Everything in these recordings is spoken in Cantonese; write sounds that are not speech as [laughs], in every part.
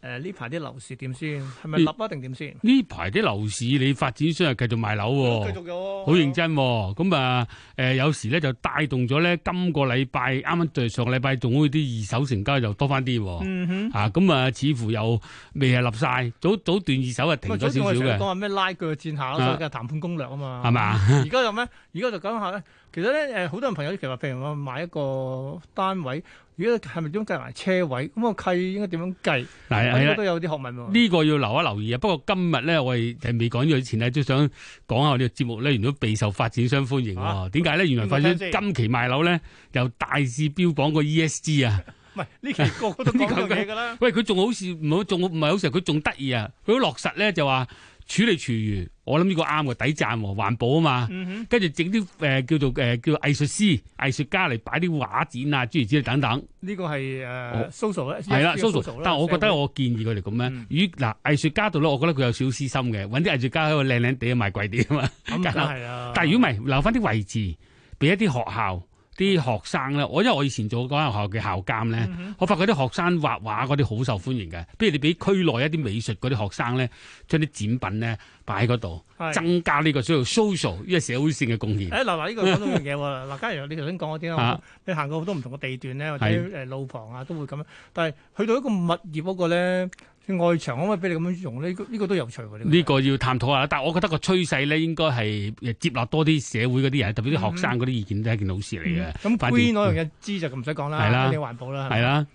誒，呢排啲樓市點先？係咪立一定點先？呢排啲樓市，你發展商係繼續賣樓，哦，繼、嗯、續咗，好認真，哦。咁啊的，誒、嗯呃，有時咧就帶動咗咧，今個禮拜啱啱對上個禮拜仲好啲，二手成交又多翻啲，哦。喎、嗯哼。啊，咁啊，似乎又未係立晒，早早段二手啊停咗少少嘅。我最近我就講下咩拉鋸戰下嗰種嘅談判攻略啊嘛，係嘛不？而家有咩？而家就講下咧。其實咧，誒，好多人朋友都其實譬如我買一個單位，如果係咪點樣計埋車位，咁個契應該點樣計？嗱，係咧，都有啲學問啊。呢個要留一留意啊！不過今日咧，我哋未講咗以前咧，都想講下呢個節目咧，原來備受發展商歡迎。點解咧？原來發展今期賣樓咧，又大肆標榜個 E S G 啊！唔係呢期個個都講呢樣嘢噶啦。喂，佢仲好似唔好，仲唔係好成？佢仲得意啊！佢落實咧就話。處理廚餘，我諗呢個啱嘅，抵讚喎，環保啊嘛。跟住整啲誒叫做誒、呃、叫藝術師、藝術家嚟擺啲畫展啊，諸如此類等等。呢個係誒、呃、social 啦 social 但係我覺得我建議佢哋咁樣。如嗱、嗯呃、藝術家度咧，我覺得佢有少少私心嘅，揾啲藝術家喺度靚靚地賣貴啲啊嘛。咁、嗯、 [laughs] 啊但係如果唔係，留翻啲位置俾一啲學校。啲學生咧，我因為我以前做嗰間學校嘅校監咧，嗯、哼我發覺啲學生畫畫嗰啲好受歡迎嘅，不如你俾區內一啲美術嗰啲學生咧，將啲展品咧擺喺嗰度，是增加呢個叫做 social，呢個社會性嘅貢獻。誒、欸，嗱嗱，呢個講到一樣嘢喎，嗱， [laughs] 嘉陽你頭先講嗰啲咧，你行、啊、過好多唔同嘅地段咧，或者誒路旁啊都會咁樣，但係去到一個物業嗰個咧。外牆可唔可以俾你咁樣用呢？呢個呢、呢個都有趣喎！呢個呢個要探討下啦，但係我覺得個趨勢咧，應該係接納多啲社會嗰啲人，特別啲學生嗰啲意見，嗯、都係一件好事嚟嘅。咁、嗯、green 嗰樣嘢，知就唔使講啦，啲、嗯、環保啦，係啦的。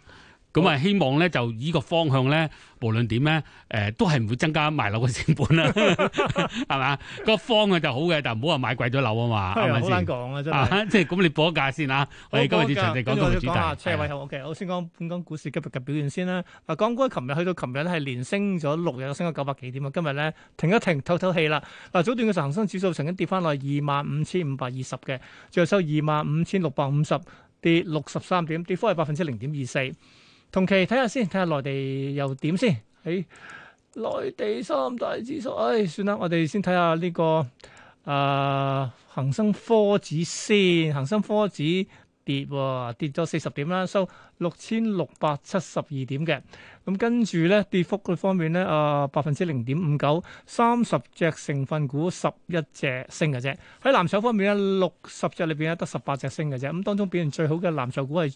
咁啊，希望咧就依個方向咧，無論點咧，誒都係唔會增加賣樓嘅成本啦，係嘛？個方向就好嘅，但唔好話買貴咗樓啊嘛。係咪？好難講啊，真係。即係咁，你報一價先啦。我哋今日先詳細講多主題。講下車位，好 OK，我先講本港股市今日嘅表現先啦。嗱，港股琴日去到琴日咧係連升咗六日，升咗九百幾點啊。今日咧停一停，透透氣啦。嗱，早段嘅時候，恆生指數曾經跌翻落二萬五千五百二十嘅，最後收二萬五千六百五十，跌六十三點，跌幅係百分之零點二四。同期睇下先看看，睇下內地又點先，喺內地三大指數。唉、哎，算啦，我哋先睇下呢個啊，恆、呃、生科指先。恆生科指跌，跌咗四十點啦，收六千六百七十二點嘅。咁跟住咧，跌幅嘅方面咧，啊、呃，百分之零點五九，三十隻成分股11，十一隻升嘅啫。喺藍籌方面咧，六十隻裏邊得十八隻升嘅啫。咁當中表現最好嘅藍籌股係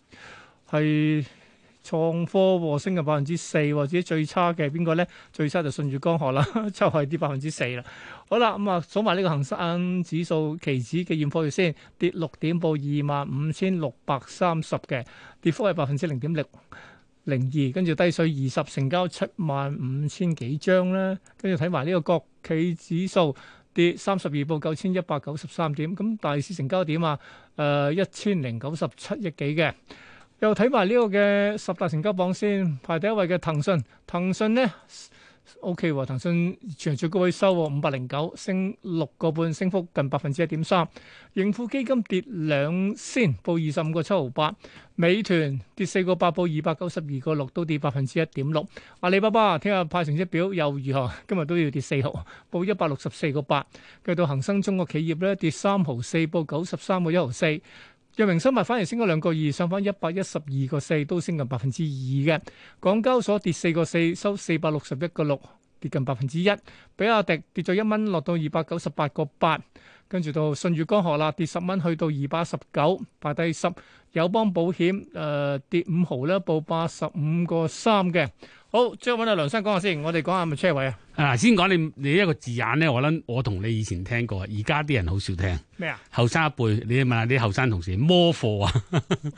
係。創科和升嘅百分之四，或者最差嘅邊個咧？最差就順住江河啦，就係跌百分之四啦。好啦，咁啊，數埋呢個恒生指數期指嘅現貨先跌六點報二萬五千六百三十嘅，跌幅係百分之零點零二，跟住低水二十，成交七萬五千幾張啦。跟住睇埋呢個國企指數跌三十二報九千一百九十三點，咁大市成交點啊，誒一千零九十七億幾嘅。又睇埋呢個嘅十大成交榜先，排第一位嘅騰訊，騰訊呢 OK 喎，騰訊全日最高位收喎五百零九，升六個半，升幅近百分之一點三。盈富基金跌兩先，報二十五個七毫八。美團跌四個八，報二百九十二個六，都跌百分之一點六。阿里巴巴聽日派成績表又如何？今日都要跌四毫，報一百六十四個八。跟到恒生中國企業咧跌三毫四，報九十三個一毫四。藥明生物反而升咗兩個二，上翻一百一十二個四，都升近百分之二嘅。港交所跌四個四，收四百六十一個六，跌近百分之一。比亞迪跌咗一蚊，落到二百九十八個八。跟住到信譽江河啦，跌十蚊，去到二百十九，排第十。友邦保險誒、呃、跌五毫咧，報八十五個三嘅。好，再搵阿梁生講下先。我哋講下咪車位啊。嗱，先講你你一個字眼咧，我諗我同你以前聽過，而家啲人好少聽。咩啊？後生一輩，你問下啲後生同事，摩貨啊？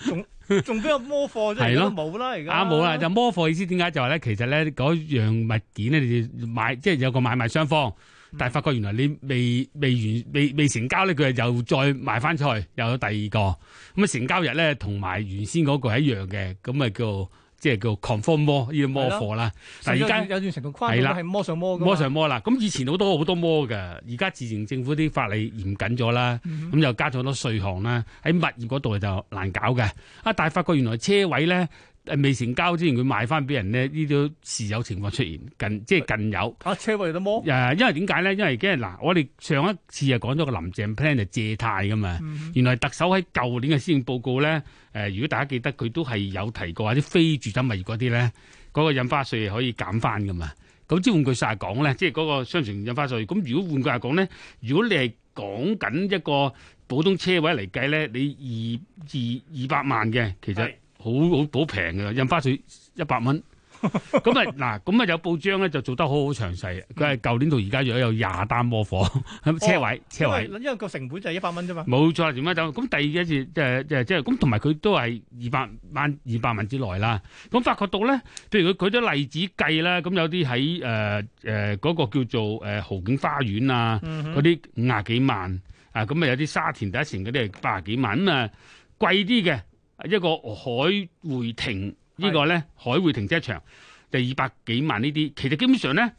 仲仲邊有摩貨啫？係咯，冇啦而家。啊，冇啦，就摩貨意思點解？就話咧，其實咧嗰樣物件咧，你買即係有個買賣雙方，但係發覺原來你未未完未未成交咧，佢又再賣翻出去，又有第二個。咁啊，成交日咧同埋原先嗰個係一樣嘅，咁啊叫。即係叫 confirm 呢個摩貨啦，的但係而家有段時間係摩上摩的的，摩上摩啦。咁以前好多好多摩嘅，而家自然政府啲法例嚴謹咗啦，咁、嗯、哼又加咗好多稅項啦。喺物業嗰度就難搞嘅。啊，但係發覺原來車位咧～未成交之前佢賣翻俾人咧，呢啲都係有情況出現，近即係近有。啊，車位都摸。誒、呃，因為點解咧？因為嘅嗱，我哋上一次又講咗個林鄭 plan 就借貸噶嘛。嗯、哼原來特首喺舊年嘅施政報告咧，誒、呃，如果大家記得，佢都係有提過或者非住宅物業嗰啲咧，嗰、那個印花稅可以減翻噶嘛。咁即係換句話講咧，即係嗰個雙重印花稅。咁如果換句話講咧，如果你係講緊一個普通車位嚟計咧，你二二二百萬嘅其實。好好好平嘅印花稅一百蚊，咁啊嗱，咁啊有報章咧就做得好好詳細，佢係舊年到而家約有廿單摩貨，喺、哦、車位，車位，因為個成本就係一百蚊啫嘛。冇錯，點解就？咁第二一次即係即係即係，咁同埋佢都係二百萬二百萬之內啦。咁發覺到咧，譬如佢舉啲例子計啦，咁有啲喺誒誒嗰個叫做誒、呃、豪景花園啊，嗰啲五十幾萬啊，咁啊有啲沙田第一城嗰啲係八十幾萬，啊貴啲嘅。一個海匯停，是這個呢個咧，海匯停車場就二百幾萬呢啲，其實基本上咧，誒、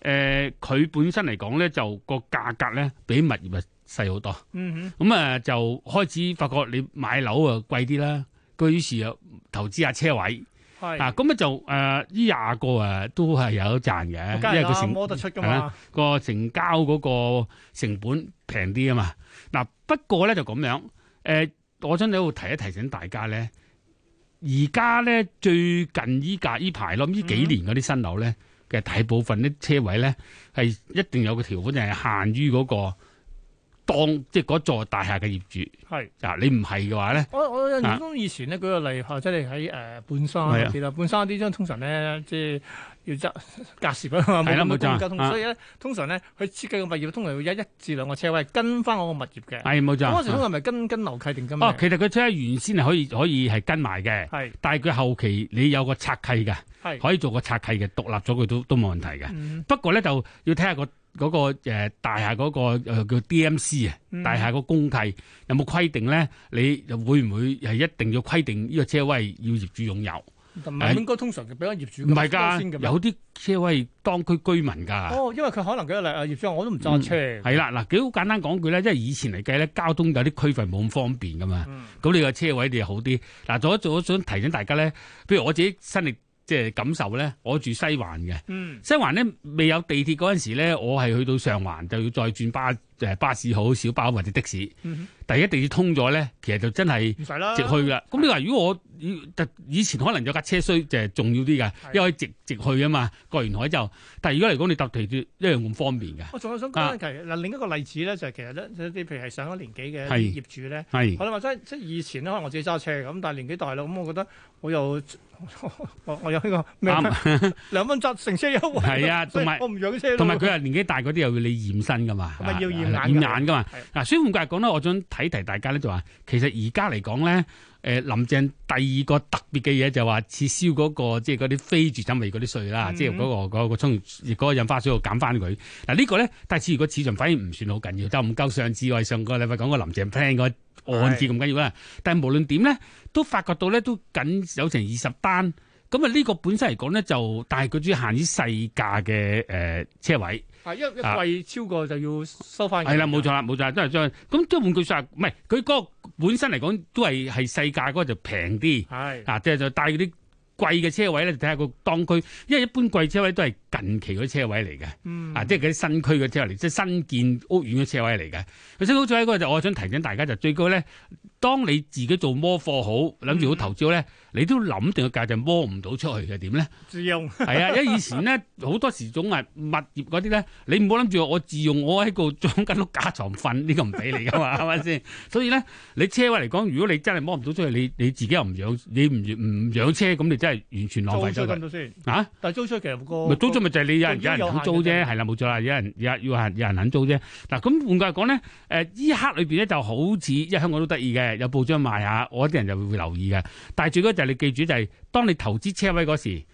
呃、佢本身嚟講咧就個價格咧比物業啊細好多，嗯哼，咁啊、嗯、就開始發覺你買樓啊貴啲啦，佢於是又投資下車位，係咁是啊就誒呢廿個啊，都係有得賺嘅，啊、因為佢成係啦、個成交嗰個成本平啲啊嘛，嗱不過咧就咁樣誒。呃我想喺度提一提醒大家咧，而家咧最近依架依排咯，呢幾年嗰啲新樓咧，嘅大部分啲車位咧係一定有個條款就係限於嗰個。當即係嗰座大廈嘅業主係嗱，你唔係嘅話咧，我我諗以前咧舉個例，或者你喺誒半山其實半山啲商通常咧即係要集隔時係，冇冇交通，所以咧通常咧佢設計嘅物業通常會有一至兩個車位跟翻我個物業嘅，係冇錯。嗰係咪跟跟樓契定跟其實佢車原先係可以可以係跟埋嘅，係，但係佢後期你有個拆契嘅，可以做個拆契嘅，獨立咗佢都都冇問題嘅。不過咧就要睇下個。嗰個大廈嗰、嗰個叫 D.M.C 啊，大廈個公契有冇規定咧？你又會唔會係一定要規定呢個車位要業主擁有？唔係應該通常就俾翻業主嘅，唔係㗎，有啲車位當區居民㗎。哦，因為佢可能嘅例啊，業主我都唔揸車，係啦嗱，幾好簡單講句咧，因為以前嚟計咧，交通有啲區分冇咁方便㗎嘛。咁、嗯、你個車位你好啲。嗱，仲有想提醒大家咧，譬如我自己新力。即係感受咧，我住西環嘅，嗯、西環咧未有地鐵嗰陣時咧，我係去到上環就要再轉巴。誒巴士好，小巴或者的士，但係地鐵通咗咧，其實就真係唔使啦，直去啦。咁你話如果我以前可能有架車衰，就係重要啲嘅，因為直直去啊嘛，過完海就。但係如果嚟講，你搭地鐵一樣咁方便嘅。我仲有想講咧，其嗱另一個例子咧，就其實咧，有啲譬如係上咗年紀嘅業主咧，可我或者即係以前咧，可能我自己揸車咁但係年紀大啦，咁我覺得我又我有呢個兩蚊兩乘車優惠，係啊，同埋我唔養車，同埋佢又年紀大嗰啲又要你驗身㗎嘛，咪要驗？眼眼㗎嘛？嗱，所以換句話講咧，我想提提大家咧，就話其實而家嚟講咧，誒林鄭第二個特別嘅嘢就話撤銷嗰個即係嗰啲非住宅味嗰啲稅啦，即係嗰、嗯嗰個嗰、嗰個印、嗰個、花稅度減翻佢。嗱、呢個、呢個咧，但係如果市場反應唔算好緊要，就唔夠上次。我上個禮拜講過林鄭聽個案件咁緊要啦，是的但係無論點咧，都發覺到咧都僅有成二十單。咁啊，呢個本身嚟講咧，就但係佢主要限於細價嘅誒車位，係因為一貴超過就要收翻。係啦、啊，冇錯啦，冇錯，都係將咁即係換句説話，唔係佢個本身嚟講都係係細價嗰就平啲，係是啊，即係就帶佢啲貴嘅車位咧，睇下個當區，因為一般貴車位都係近期嗰車位嚟嘅，嗯啊，即係啲新區嘅車嚟，即、就、係、是、新建屋苑嘅車位嚟嘅。佢且好咗喺嗰就我想提醒大家就最高咧。當你自己做摩貨好，諗住好投資咧，嗯、你都諗定個價就摩唔到出去嘅點咧？呢自用係啊，因為以前咧好 [laughs] 多時總係物業嗰啲咧，你唔好諗住我自用，我喺度裝緊碌架床瞓呢、呢個唔俾你噶嘛，係咪先？所以咧，你車位嚟講，如果你真係摩唔到出去，你你自己又唔養，你唔唔養車咁，咁你真係完全浪費咗先啊！但係租出去其實唔係租出去，咪、嗰個、就係你有人有，有人肯租啫，係啦冇錯啦，有人有人有人有人肯租啫。嗱咁換句話講咧，誒依刻裏邊咧就好似因為香港都得意嘅。有報章賣下，我啲人就會留意嘅。但係最緊就係你記住、就是，就係當你投資車位嗰時候，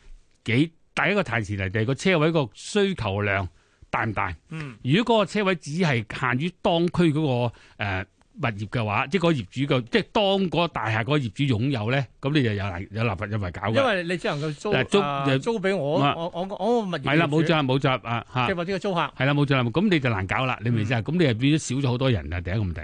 第一個提示提就係個車位個需求量大唔大。嗯，如果嗰個車位只係限於當區嗰、那個、呃物業嘅話，即係個業主嘅，即係當個大廈嗰個業主擁有咧，咁你就有難有難份有份搞嘅。因為你只能夠租、啊、就租租俾我，、啊、我，我我我物業，業。係啦，冇錯冇錯啊，即係或者租客。係啦，冇錯啦，咁你就難搞啦，你明唔明先？咁你又變咗少咗好多人啊！第一個問題，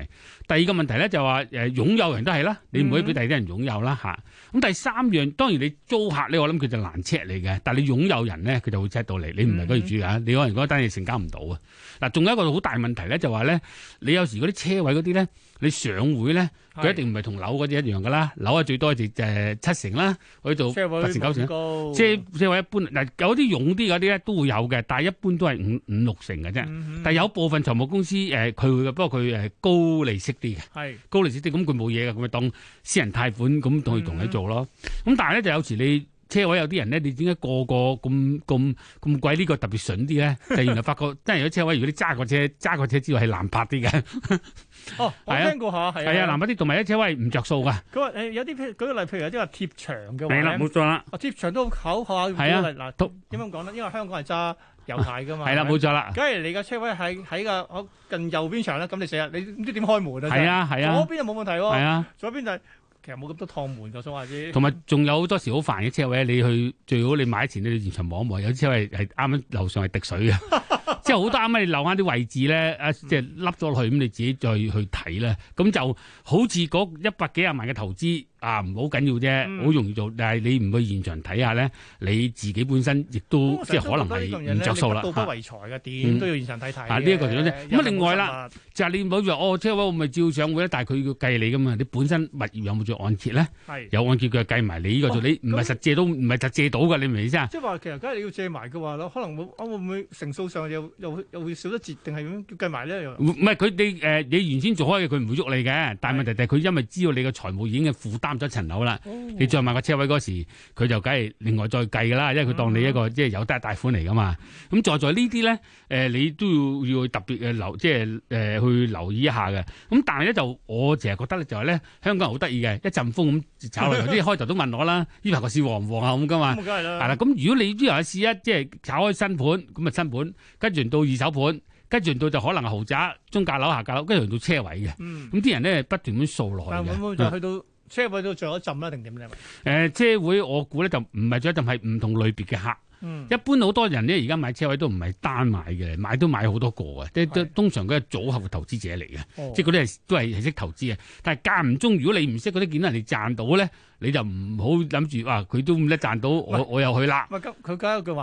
第二個問題咧就話誒，擁有人都係啦，你唔可以俾第二啲人擁有啦吓。咁、嗯、第三樣，當然你租客咧，我諗佢就難 check 你嘅，但係你擁有人咧，佢就會 check 到你。你唔係嗰業主啊，嗯嗯你可能單嘢成交唔到啊。嗱，仲有一個好大問題咧，就話、是、咧，你有時嗰啲車位嗰啲咧。你上會咧，佢一定唔係同樓嗰啲一樣噶啦，是樓啊最多就誒七成啦，去做八成九成。即即話一般嗱，有啲勇啲嗰啲咧都會有嘅，但係一般都係五五六成嘅啫。嗯、哼但係有部分財務公司誒，佢會嘅，不過佢誒高利息啲嘅，係是高利息啲咁佢冇嘢嘅，咁咪當私人貸款咁去同你做咯。咁、嗯、但係咧就有時你。車位有啲人咧，你點解個個咁咁咁鬼呢個特別順啲咧？ [laughs] 原來發覺真係有啲車位，如果你揸個車揸個車之外係難拍啲嘅。 [laughs] 哦，我聽過下，係啊，啊啊難拍啲同埋啲車位唔着數㗎。佢話誒有啲，舉個例，譬如即係話貼牆嘅。係啦、啊，冇錯啦。貼牆都考，考下。係啊，嗱，點樣講咧？因為香港係揸右軚㗎嘛。係啦、啊，冇、啊、錯啦。咁如果你嘅車位喺喺個近右邊牆咧，咁你成日你唔知點開門啊？係啊，係啊。左邊就冇問題喎。啊。啊左邊就係。其實冇咁多趟門，就想話啫。同埋仲有好多時好煩嘅車位，你去最好你買前你現場望一望。有啲車位係啱啱樓上係滴水嘅，即係好多啱啱你留返啲位置咧，即係凹咗落去，咁你自己再去睇咧。咁就好似嗰一百幾廿萬嘅投資。啊，唔好緊要啫，好容易做，但係你唔去現場睇下咧，你自己本身亦都即係可能係唔着數啦。都不為財嘅，點都要現場睇睇。啊，呢一個重要。咁另外啦，就係你唔好以為哦，即係話我唔係照上會咧，但係佢要計你噶嘛。你本身物業有冇做按揭咧？有按揭佢計埋你呢個做，你唔係實借都，唔係實借到㗎，你明唔明先啊？即係話其實，梗係你要借埋嘅話可能會會唔會成數上又又又會少得截定係咁計埋呢又唔係佢你誒？你原先做開嘅佢唔會喐你嘅，但係問題係佢因為知道你嘅財務已經嘅負擔。咗層樓啦，你再買個車位嗰時，佢就梗係另外再計噶啦，因為佢當你一個、嗯、即係有得大款嚟噶嘛。咁在在呢啲咧，誒、呃，你都要要特別留，即係誒、呃、去留意一下嘅。咁但係咧就我成日覺得咧就係、是、咧，香港人好得意嘅，一陣風咁炒嚟，即 [laughs] 開頭都問我啦，呢排個市旺唔旺啊咁噶嘛。咁梗係啦。係啦，咁如果你呢排個市一即係炒開新盤，咁啊新盤跟住到二手盤，跟住到就可能豪宅、中價樓、下價樓，跟住到車位嘅。咁啲、嗯、人咧不斷咁掃落嘅。嗯、去到？車位都仲有一陣啦，定點咧？誒，車位我估咧就唔係仲有一陣，係唔同類別嘅客。嗯，一般好多人咧，而家買車位都唔係單買嘅，買都買好多個嘅。都都的通常佢係組合嘅投資者嚟嘅，哦、即係嗰啲係都係識投資啊。但係間唔中，如果你唔識嗰啲，見到人哋賺到咧，你就唔好諗住話佢都叻賺到，我喂我又去啦。唔係咁，佢加一句話，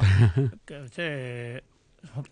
即係。 [laughs]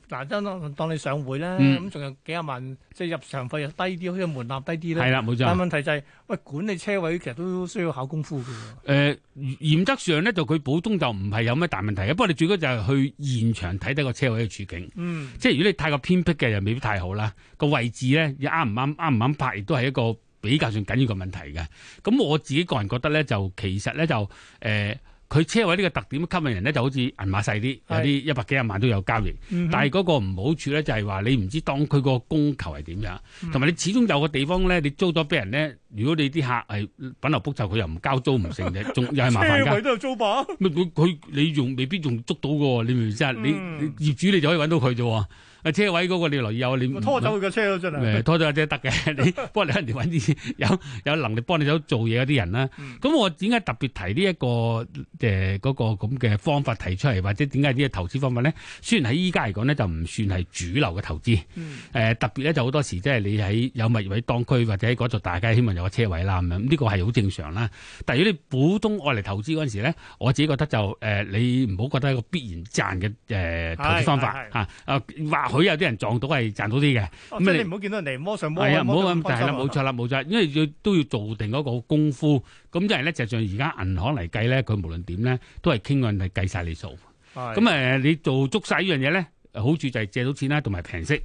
嗱，真當你上會咧，咁仲、嗯、有幾十萬，即、就、係、是、入場費又低啲，好似門檻低啲咧。係啦，冇錯。但問題就係、是，喂，管理車位其實都需要考功夫嘅。誒、呃，原則上咧，就佢普通就唔係有咩大問題啊。不過你最多就係去現場睇睇個車位嘅處境。嗯。即係如果你太過偏僻嘅又未必太好啦。個位置咧，又啱唔啱，啱唔啱拍，亦都係一個比較上緊要嘅問題嘅。咁我自己個人覺得咧，就其實咧，就誒。呃佢車位呢個特點吸引人咧，就好似銀碼細啲，有啲是一百幾十萬都有交易。嗯、哼但係嗰個唔好處咧，就係話你唔知當佢個供求係點樣，同埋、嗯、你始終有個地方咧，你租咗俾人咧，如果你啲客係品流複雜，佢又唔交租唔成嘅，仲又係麻煩㗎。車位都有租吧？佢佢你用未必仲捉到㗎喎，你明唔明先？你業主你就可以揾到佢啫。個車位嗰個你留意 [laughs] 有，你拖走佢個車都真係。拖走佢就得嘅，你幫你人哋揾啲有有能力幫你走做嘢嗰啲人啦。咁、嗯、我點解特別提呢、這、一個嘅嗰、呃那個咁嘅方法提出嚟，或者點解呢個投資方法咧？雖然喺依家嚟講咧就唔算係主流嘅投資。誒、嗯呃，特別咧就好多時即係你喺有物業喺當區或者喺嗰座大街，希望有個車位啦咁樣。呢個係好正常啦。但係如果你普通外嚟投資嗰陣時咧，我自己覺得就誒、呃，你唔好覺得一個必然賺嘅誒投資方法吓啊佢有啲人撞到係賺到啲嘅，即你唔好見到人哋摸上摸下，唔好咁就係啦，冇錯啦，冇錯，因為要都要做定嗰個功夫，咁即係咧就係而家銀行嚟計咧，佢無論點咧都係傾向係計晒你數。咁誒，你做足晒依樣嘢咧，好處就係借到錢啦，同埋平息。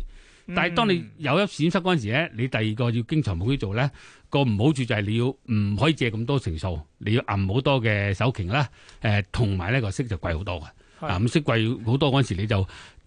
但係當你有一損失嗰陣時咧，你第二個要經常冇嘢做咧，個唔好處就係你要唔可以借咁多成數，你要揞好多嘅首期啦，誒同埋呢個息就貴好多嘅。咁息貴好多嗰陣時你就。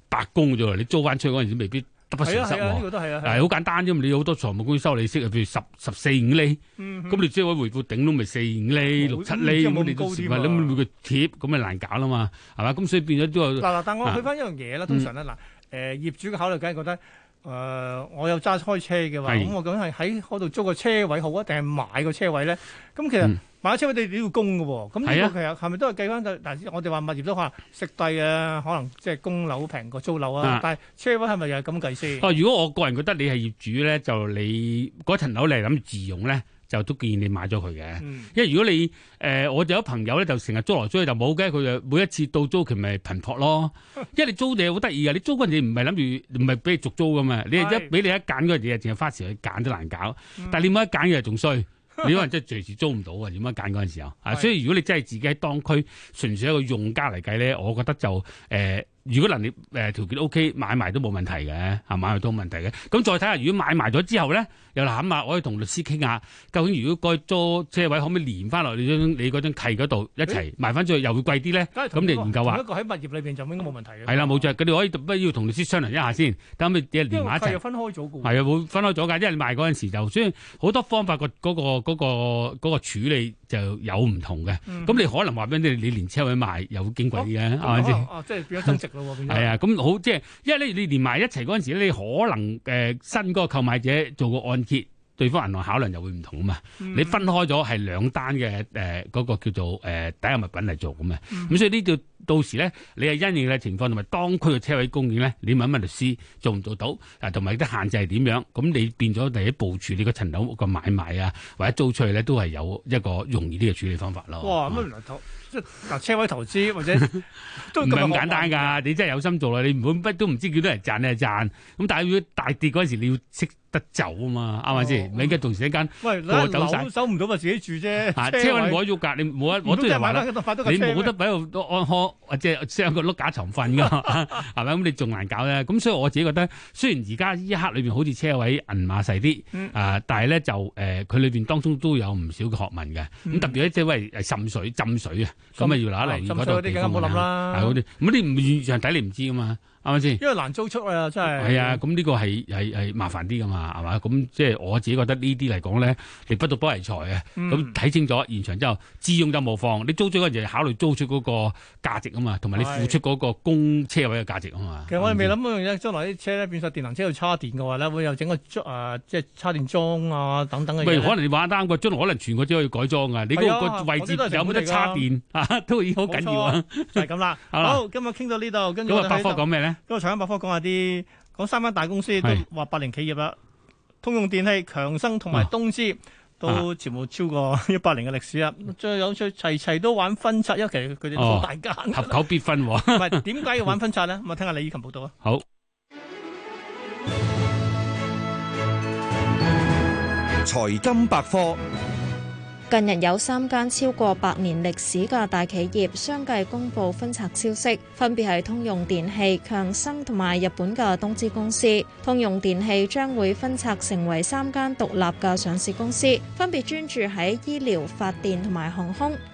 白工啫，你租翻出去嗰陣時未必得不償失喎。嗱、啊，好、啊這個啊啊、簡單啫嘛，你好多財務公司收利息譬如十十四五厘，咁、嗯、哼你即係回顧頂都咪四五厘、我六七厘咁，嗯、你都唔係你每個貼咁咪難搞啦嘛，係嘛？咁所以變咗都話但我去翻一樣嘢啦，通常咧嗱，誒業主嘅考慮梗係覺得誒、呃、我有揸開車嘅話，咁是我究竟係喺嗰度租個車位好啊，定係買個車位咧？咁其實。嗯買車位你要供嘅喎，咁如果其實係咪都係計翻就？但、啊、我哋話物業都可能食低啊，可能即係供樓平過租樓啊。係啊，但係車位係咪又咁計先？哦，如果我個人覺得你係業主咧，就你嗰層樓你係諗住自用咧，就都建議你買咗佢嘅。嗯、因為如果你誒、呃，我有朋友咧，就成日租來租去就冇嘅，佢就每一次到租期咪頻撲咯。因為你租地好得意嘅，你租嗰陣時唔係諗住唔係俾你續租嘅嘛，你係一俾是你一揀嗰陣時淨係花時去揀都難搞，但係你冇一揀嘅仲衰。嗯 [laughs] 你可能真係隨時租唔到啊！點樣揀嗰陣時候啊？的所以如果你真係自己喺當區，純粹一個用家嚟計咧，我覺得就誒。呃如果能力誒條件 OK，買埋都冇問題嘅，係買埋都冇問題嘅。咁再睇下，如果買埋咗之後咧，又諗下，我可以同律師傾下，究竟如果該租車位可唔可以連翻落你張你嗰張契嗰度一齊買翻出去，又會貴啲咧？咁你研究啊？一個喺物業裏邊就應該冇問題嘅。係啦、啊，冇錯。咁、啊、你可以不如要同律師商量一下先，嗯、等你一連埋一齊。分開咗嘅。係啊，會分開咗㗎。因為賣嗰陣時就雖然好多方法、嗰個嗰、嗰個嗰、嗰個嗰個處理。就有唔同嘅，咁、嗯、你可能話俾你你連車位賣又矜貴啲嘅，係咪先？哦，即係變咗增值咯喎，係啊，咁好，即係、 [laughs] 就是、因為咧，你連埋一齊嗰陣時咧，你可能誒、呃、新嗰個購買者做個按揭。對方銀行考量就會唔同啊嘛，你分開咗係兩單嘅嗰個叫做誒抵押物品嚟做嘅嘛，咁所以呢度到時咧，你係因應嘅情況同埋當區嘅車位供應咧，你問一問律師做唔做到，啊同埋啲限制係點樣，咁你變咗第一部署你個層樓屋嘅買賣啊，或者租出去咧，都係有一個容易啲嘅處理方法咯。哇，乜唔同即係嗱，車位投資或者都咁簡單㗎？你真係有心做啦，你唔會乜都唔知幾多人賺啊賺，咁但係要大跌嗰時你要識。走啊嘛，啱咪先？你嘅同時一間過走晒，收唔到咪自己住啫。車位改咗價，你冇我都你冇得喺度安康，或者 share 個碌架床瞓噶，係咪？咁你仲難搞咧。咁所以我自己覺得，雖然而家呢一刻裏邊好似車位銀馬細啲，啊、嗯，但係咧就誒，佢、呃、裏邊當中都有唔少嘅學問嘅。咁特別咧，即係喂滲水，浸水，到、嗯、浸水啊，咁啊要攞嚟嗰你而家唔好諗啦，咁啲唔現場睇你唔知噶嘛。係咪先？是是因為難租出啊，真係。係啊，咁呢個係係係麻煩啲噶嘛，係嘛？咁即係我自己覺得呢啲嚟講咧，你不到不為財啊。咁睇、嗯、清楚現場之後，自用就冇放。你租出嗰陣時，考慮租出嗰個價值啊嘛，同埋你付出嗰個供車位嘅價值啊嘛。的嗯、其實我哋未諗嗰樣嘢，將來啲車咧變成電電能車，要插電嘅話咧，會有整個、呃、即電啊，即係插電樁啊等等嘅。喂，可能你玩單個將來可能全部都要改裝啊。你嗰、那個、的個位置有冇得插電、啊、都已都好緊要啊！係咁啦，好吧，今日傾到呢度，跟住。百科講咩咧？嗰個財金百科講下啲講三間大公司都話百年企業啦，是通用電器、強生同埋東芝、哦、都全部超過一百年嘅歷史啦。啊、最有趣齊齊都玩分拆，因為其實佢哋都大間，哦、 [laughs] 合久必分喎、哦。唔係點解要玩分拆咧？咁啊、嗯，我聽下李以琴報道啊。好，財金百科。近日有三間超過百年歷史嘅大企業相繼公布分拆消息，分別係通用電器、強生同埋日本嘅東芝公司。通用電器將會分拆成為三間獨立嘅上市公司，分別專注喺醫療、發電同埋航空。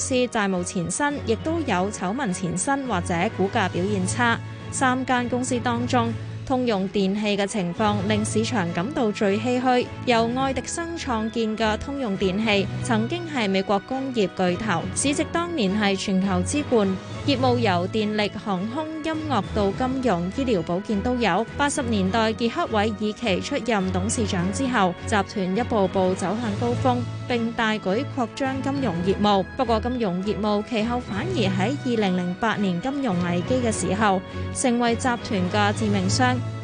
是債務前身，亦都有醜聞前身或者股價表現差。三間公司當中，通用電器嘅情況令市場感到最唏噓。由愛迪生創建嘅通用電器，曾經係美國工業巨頭，市值當年係全球之冠。業務由電力、航空、音樂到金融、醫療保健都有。八十年代傑克韋爾奇出任董事長之後，集團一步步走向高峰。並大舉擴張金融業務，不過金融業務其後反而喺二零零八年金融危機嘅時候，成為集團嘅致命傷。